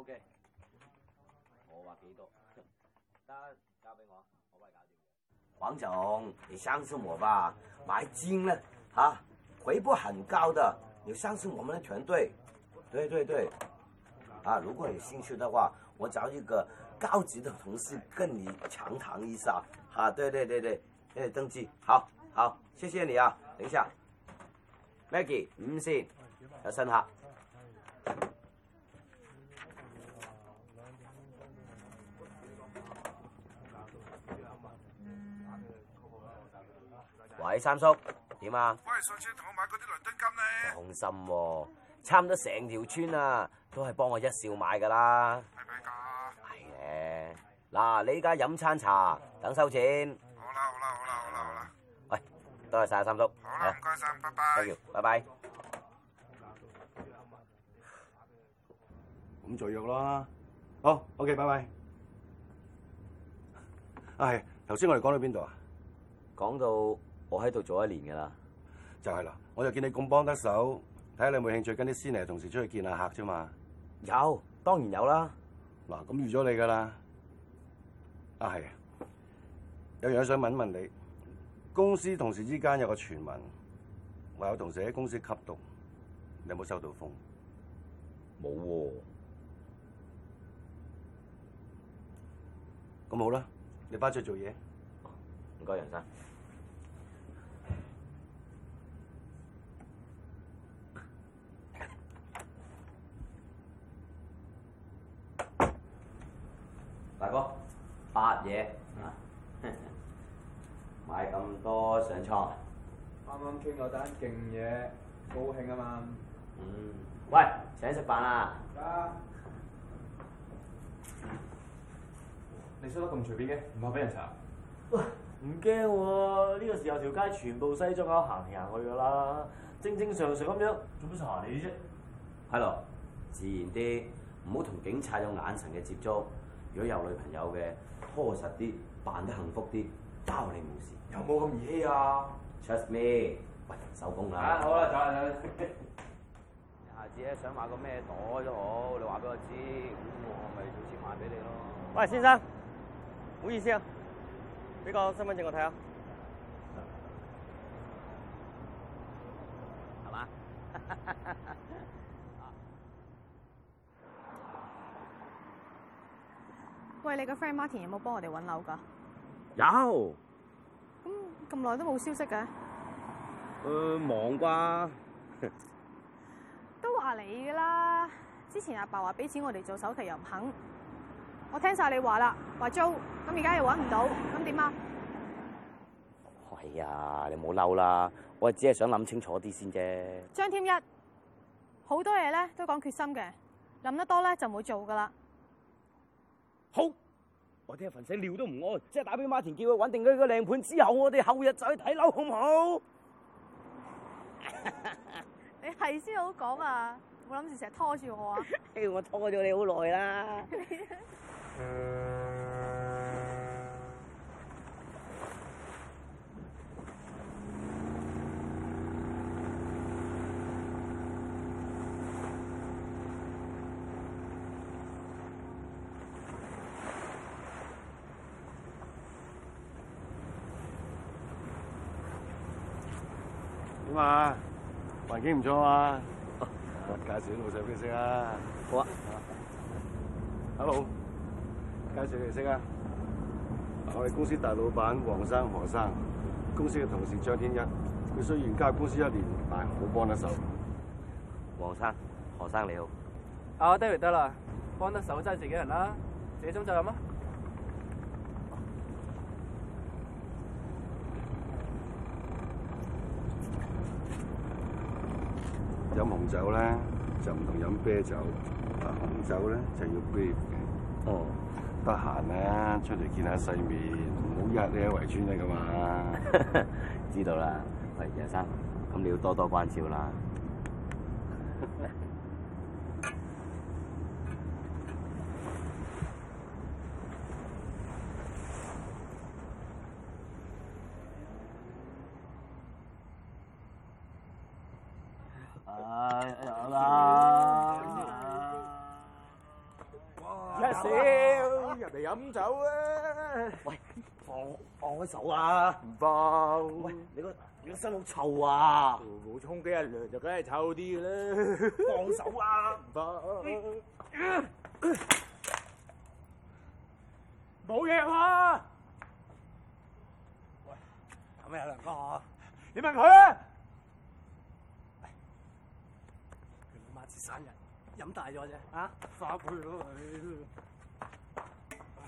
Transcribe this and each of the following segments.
O K，我話幾多，得交俾我，我幫你搞掂。王總，你相信我吧，買金呢，啊，回報很高的，你相信我們的團隊。對對對，啊，如果有興趣的話，我找一個高級的同事跟你詳談一下。啊，對對對對，誒、欸，登記，好，好，謝謝你啊，等一下，Maggie，唔信，有新客。三叔點啊？喂，上次同我買嗰啲倫敦金咧，放心，差唔多成條村啊，都係幫我一笑買噶啦。係咪假啊？係咧。嗱，你依家飲餐茶，等收錢。好啦，好啦，好啦，好啦，好啦。喂，多謝晒三叔。好啦，唔該晒，拜拜。再見，拜拜。咁就約咯。好，OK，拜拜。啊，係頭先我哋講到邊度啊？講到。我喺度做一年噶啦，就係啦，我就見你咁幫得手，睇下你有冇興趣跟啲師尼同事出去見下客啫嘛。有，當然有啦。啊。嗱，咁預咗你噶啦。啊係，有樣想問問你，公司同事之間有個傳聞，話有同事喺公司吸毒，你有冇收到風？冇。咁好啦，你翻出去做嘢。唔該，楊生。嘢啊！買咁多上錯。啱啱傾咗單勁嘢，高興啊嘛。嗯。喂，請食飯啊！收得。你着得咁隨便嘅，唔好俾人查？哇！唔驚喎，呢個時候條街全部西裝啱行嚟行去噶啦，正正常常咁樣。做乜查你啫？係咯，自然啲，唔好同警察有眼神嘅接觸。如果有女朋友嘅，樸實啲，扮得幸福啲，包你冇事。有冇咁兒戲啊？Trust me，喂，收工啦。啊，好啦，走啦走啦，下次咧，想買個咩袋都好，你話俾我知，咁我咪轉錢買俾你咯。喂，先生，唔好意思啊，俾個身份證我睇下，係嘛？ 喂，你個 friend Martin 有冇幫我哋搵樓噶？有。咁咁耐都冇消息嘅。誒、呃，忙啩？ 都話你噶啦，之前阿爸話俾錢我哋做首期又唔肯，我聽晒你話啦，話租，咁而家又搵唔到，咁點啊？係啊、哎，你冇嬲啦，我只係想諗清楚啲先啫。張添一，好多嘢咧都講決心嘅，諗得多咧就冇做噶啦。好，我聽日凡仔尿都唔安，即係打俾馬田叫佢穩定佢個靚盤之後，我哋後日再去睇樓好唔好？ 你係先好講啊！我諗住成日拖住我啊！嘿， 我拖咗你好耐啦。 啊，環境唔錯啊！啊，介紹啲老細俾我識啊？好啊，Hello，介紹你識啊！我哋公司大老闆黃生、何生，公司嘅同事張添一，佢雖然加入公司一年，但係好幫得手。黃生，何生你好，啊，得啦得啦，幫得手即係自己人啦，自這種就咁啊。飲紅酒啦，就唔同飲啤酒。但紅酒咧就要、是、杯嘅。哦，得閒咧出嚟見下世面，唔好入呢圍村啊嘛。 知道啦，喂，楊生，咁你要多多關照啦。飲酒啊！喂，放放開手啊！唔放！喂，你個你個身好臭啊！冇沖幾日涼啊，就梗係臭啲嘅啦！放手啊！唔放！冇嘢啊！喂，咁啊梁哥嗬，你問佢啊！佢老母節生日，飲大咗啫啊！花杯咯。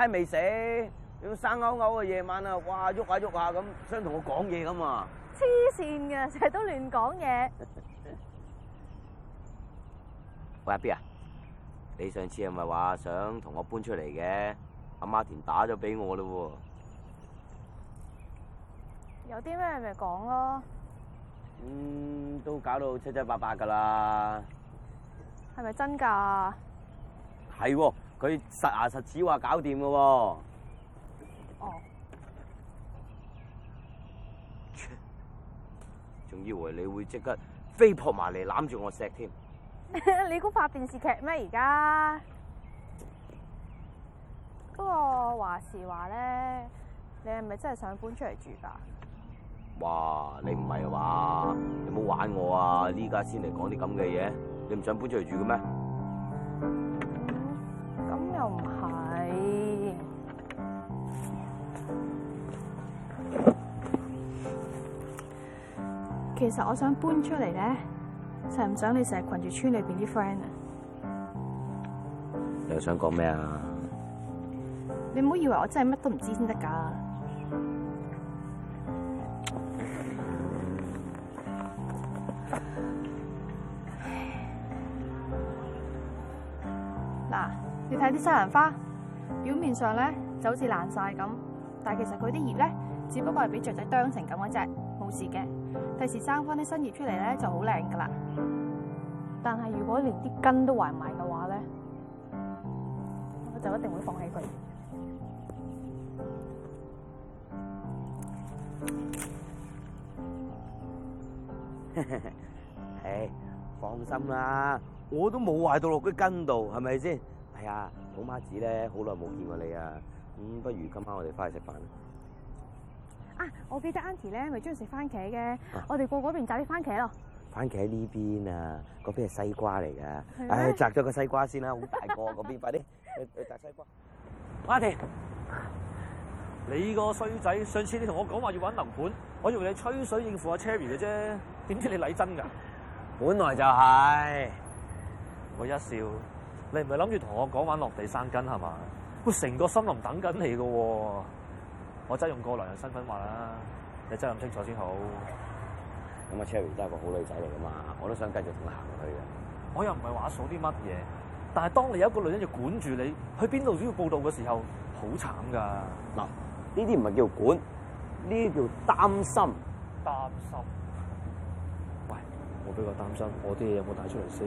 係未死，要生勾勾嘅夜晚啊，哇，喐下喐下咁，想同我講嘢噶嘛？黐綫嘅，成日都亂講嘢。 喂，阿 B 啊，你上次係咪話想同我搬出嚟嘅？阿 Martin 打咗俾我啦，有啲咩咪講咯。嗯，都搞到七七八八噶啦。係咪真噶？係喎、啊。佢實牙實齒話搞掂嘅喎，仲以為你會即刻飛撲埋嚟攬住我錫添。你估拍電視劇咩？而家？不過話時話咧，你係咪真係想搬出嚟住㗎？哇！你唔係話？你唔好玩我啊！依家先嚟講啲咁嘅嘢，你唔想搬出嚟住嘅咩？又唔係，其實我想搬出嚟咧，就係唔想你成日群住村裏邊啲 friend 啊。你又想講咩啊？你唔好以為我真係乜都唔知先得噶。你睇啲西蘭花，表面上咧就好似爛晒咁，但係其實佢啲葉咧只不過係俾雀仔啄成咁嗰隻，冇事嘅。第時生翻啲新葉出嚟咧就好靚噶啦。但係如果連啲根都壞埋嘅話咧，我就一定會放棄佢。唉，放心啦，我都冇壞到落啲根度，係咪先？係啊，老媽、哎、子咧，好耐冇見過你啊，咁、嗯、不如今晚我哋翻去食飯。啊，我記得 Auntie 咧，咪中意食番茄嘅，我哋過嗰邊摘啲番茄咯。番茄喺呢邊啊，嗰邊係西瓜嚟噶，唉嗎，摘咗、哎、個西瓜先啦，好大個啊，嗰邊 快啲，去摘西瓜。Auntie，你個衰仔，上次你同我講話要搵樓盤，我以為你吹水應付阿 Cherry 嘅啫，點知你嚟真噶？本來就係、是，我一笑。你唔係諗住同我講玩落地生根係嘛？會成個森林等緊你噶喎！我真係用過來人身份話啦，你真係諗清楚先好。咁阿 Cherry 真係個好女仔嚟噶嘛？我都想繼續同佢行去嘅。我又唔係話數啲乜嘢，但係當你有一個女人要管住你，去邊度都要報道嘅時候，好慘噶。嗱，呢啲唔係叫管，呢啲叫擔心。擔心。喂，我比較擔心我啲嘢有冇帶出嚟先。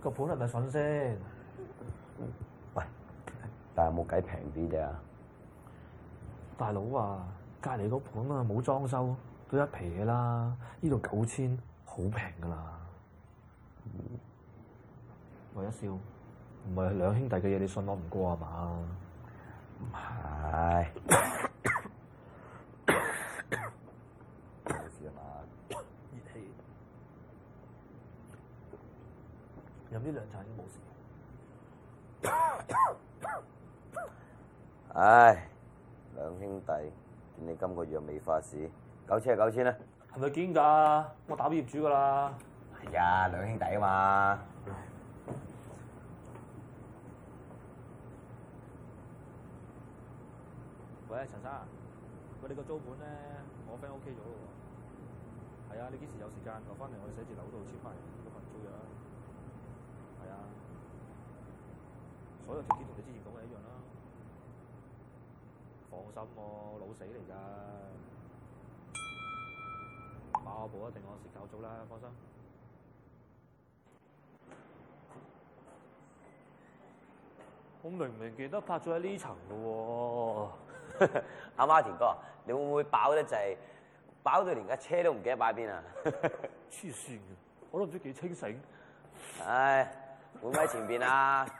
個盤係咪筍先？喂，但係冇計平啲啫。大佬啊，隔離個盤啊冇裝修，都一皮嘅啦。呢度九千好平噶啦。嗯、我一少，唔係兩兄弟嘅嘢，你信我唔過啊嘛？唔係、哎。 呢兩層已經冇事，哎。唉，兩兄弟，見你今個月未發市，九千啊九千啊，哎！係咪堅㗎？我打俾業主噶啦。係啊，兩兄弟啊嘛喂。喂，陳生，我哋個租盤咧，我俾我 K 咗喎。係啊，你幾時有時間就翻嚟我哋寫字樓度簽埋個租約嗰個條件同你之前講嘅一樣啦。放心喎、啊，老死嚟㗎，馬我部一定嗰時交足啦。放心。我明明記得拍咗喺呢層嘅喎、啊 啊。阿 Martin 哥，你會唔會飽得滯？飽到連架車都唔記得擺喺邊啊！黐線嘅，我都唔知幾清醒。 唉，會唔會喺前邊啊？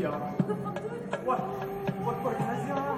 我我我開心啊！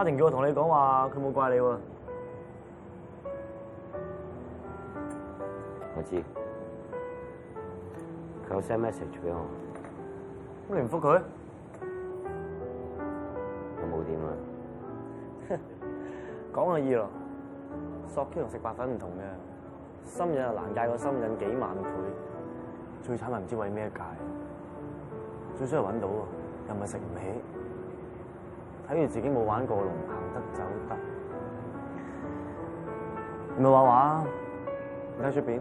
家定叫我同你講話，佢冇怪你喎、啊。我知，佢有 send message 俾我不他。咁你唔覆佢？我冇點啊。講係易咯，索 K 同食白粉唔同嘅，心癮係難戒過心癮幾萬倍。最慘係唔知為咩戒，最衰又揾到喎，又唔係食唔起。睇住自己冇玩過龍，行得走得，唔係畫畫啊？睇出片，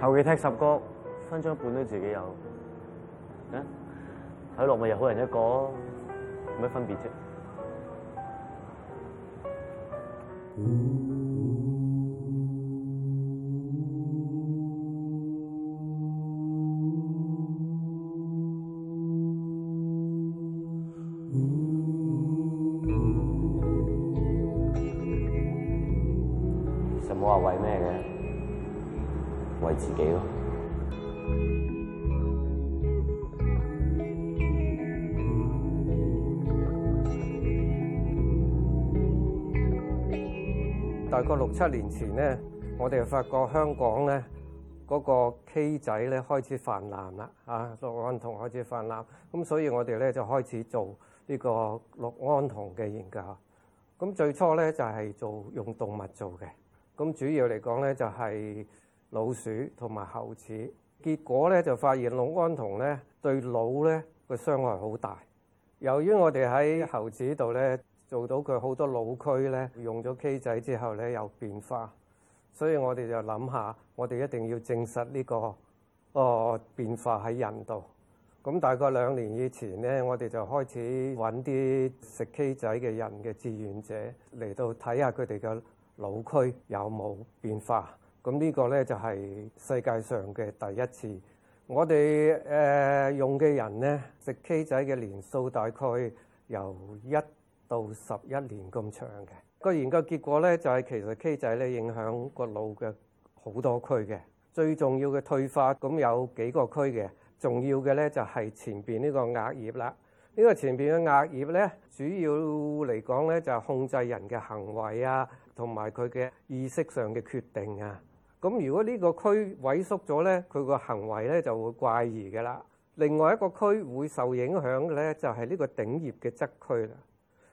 後期踢十局，分一半都自己有，睇落咪又好人一個，有咩分別啫？嗯大概六七年前呢，我哋發覺香港呢嗰、嗰個 K 仔呢開始泛濫啦，嚇、啊、氯胺酮開始泛濫，咁所以我哋呢，就開始做呢個氯胺酮嘅研究。咁最初呢，就係、係、做用動物做嘅，咁主要嚟講呢，就係、係。老鼠同埋猴子，結果咧就發現氯胺酮咧對腦咧個傷害好大。由於我哋喺猴子度咧做到佢好多腦區咧用咗 K 仔之後咧有變化，所以我哋就諗下，我哋一定要證實呢、這個哦變化喺人度。咁大概兩年以前咧，我哋就開始揾啲食 K 仔嘅人嘅志願者嚟到睇下佢哋嘅腦區有冇變化。咁呢個呢，就係世界上嘅第一次我們。我哋誒用嘅人呢，食 K 仔嘅年數大概由一到十一年咁長嘅。個研究結果呢，就係、是、其實 K 仔呢，影響個腦嘅好多區嘅。最重要嘅退化咁有幾個區嘅。重要嘅呢，就係前邊呢個額葉啦。呢個前邊嘅額葉呢，主要嚟講呢，就係控制人嘅行為啊，同埋佢嘅意識上嘅決定啊。咁如果呢個區萎縮咗咧，佢個行為咧就會怪異嘅啦。另外一個區會受影響嘅咧，就係呢個頂葉嘅側區啦。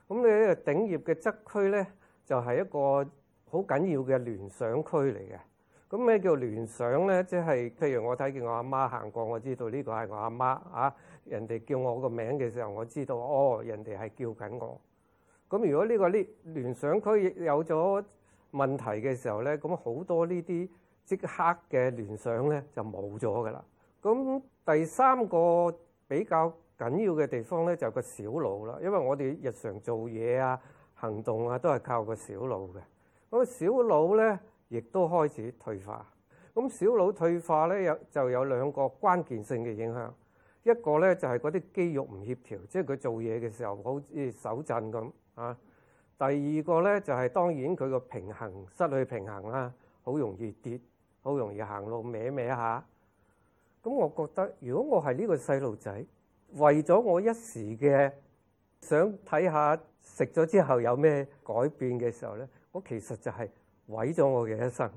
咁咧呢個頂葉嘅側區咧，就係一個好緊要嘅聯想區嚟嘅。咁咩叫聯想咧？即係譬如我睇見我阿媽行過，我知道呢個係我阿媽啊。人哋叫我個名嘅時候，我知道哦，人哋係叫緊我。咁如果呢個呢聯想區有咗問題嘅時候咧，咁好多呢啲。即刻嘅聯想咧就冇咗噶啦。咁第三個比較緊要嘅地方咧就個小腦啦，因為我哋日常做嘢啊、行動啊都係靠個小腦嘅。咁小腦咧亦都開始退化。咁小腦退化咧有就有兩個關鍵性嘅影響，一個咧就係嗰啲肌肉唔協調，即係佢做嘢嘅時候好似手震咁啊。第二個咧就係當然佢個平衡失去平衡啦，好容易跌。好容易行路歪歪下，咁我覺得如果我係呢個細路仔，為咗我一時嘅想睇下食咗之後有咩改變嘅時候咧，我其實就係毀咗我嘅一生。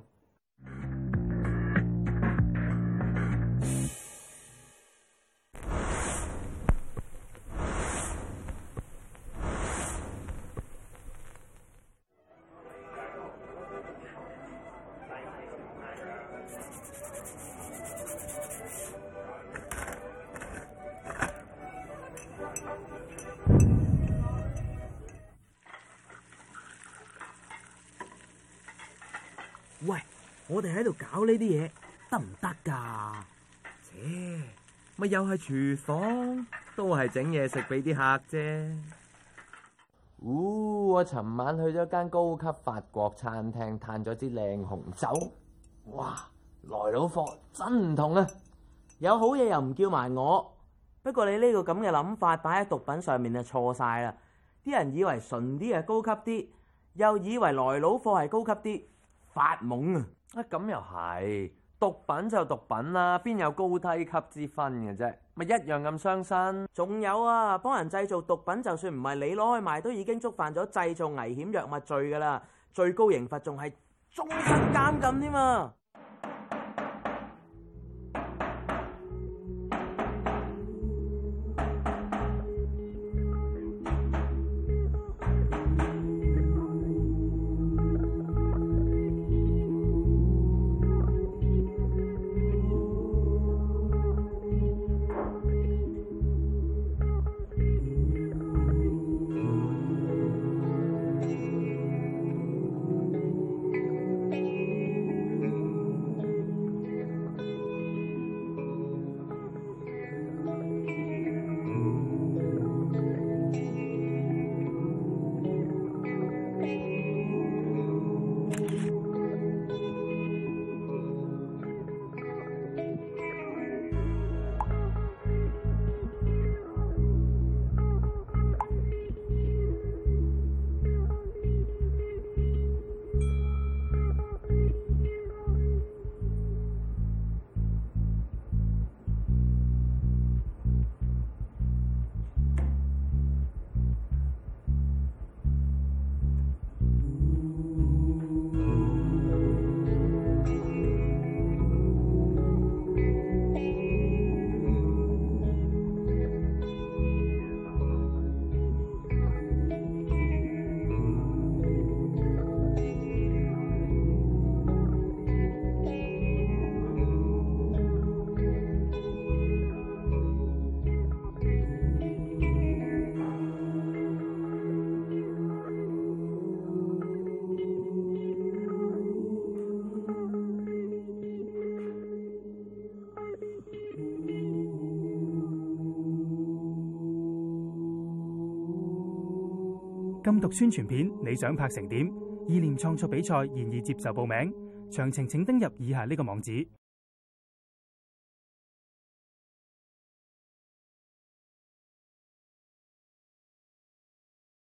我哋喺度搞呢啲嘢得唔得噶？切，咪又係廚房都係整嘢食俾啲客啫。嗚、哦，我尋晚去咗間高級法國餐廳，嘆咗支靚紅酒。哇，來佬貨真唔同呀，有好嘢又唔叫埋我。不過你呢個咁嘅諗法擺喺毒品上面就錯晒啦。啲人以為純啲係高級啲，又以為來佬貨係高級啲。發懵啊！啊咁又係，毒品就毒品啦，邊有高低級之分嘅啫？咪一樣咁傷身。仲有啊，幫人製造毒品，就算唔係你攞去賣，都已經觸犯咗製造危險藥物罪噶啦，最高刑罰仲係終身監禁添啊。禁毒宣傳片你想拍成點？意念創作比賽現已接受報名，詳情請登入以下呢個網址。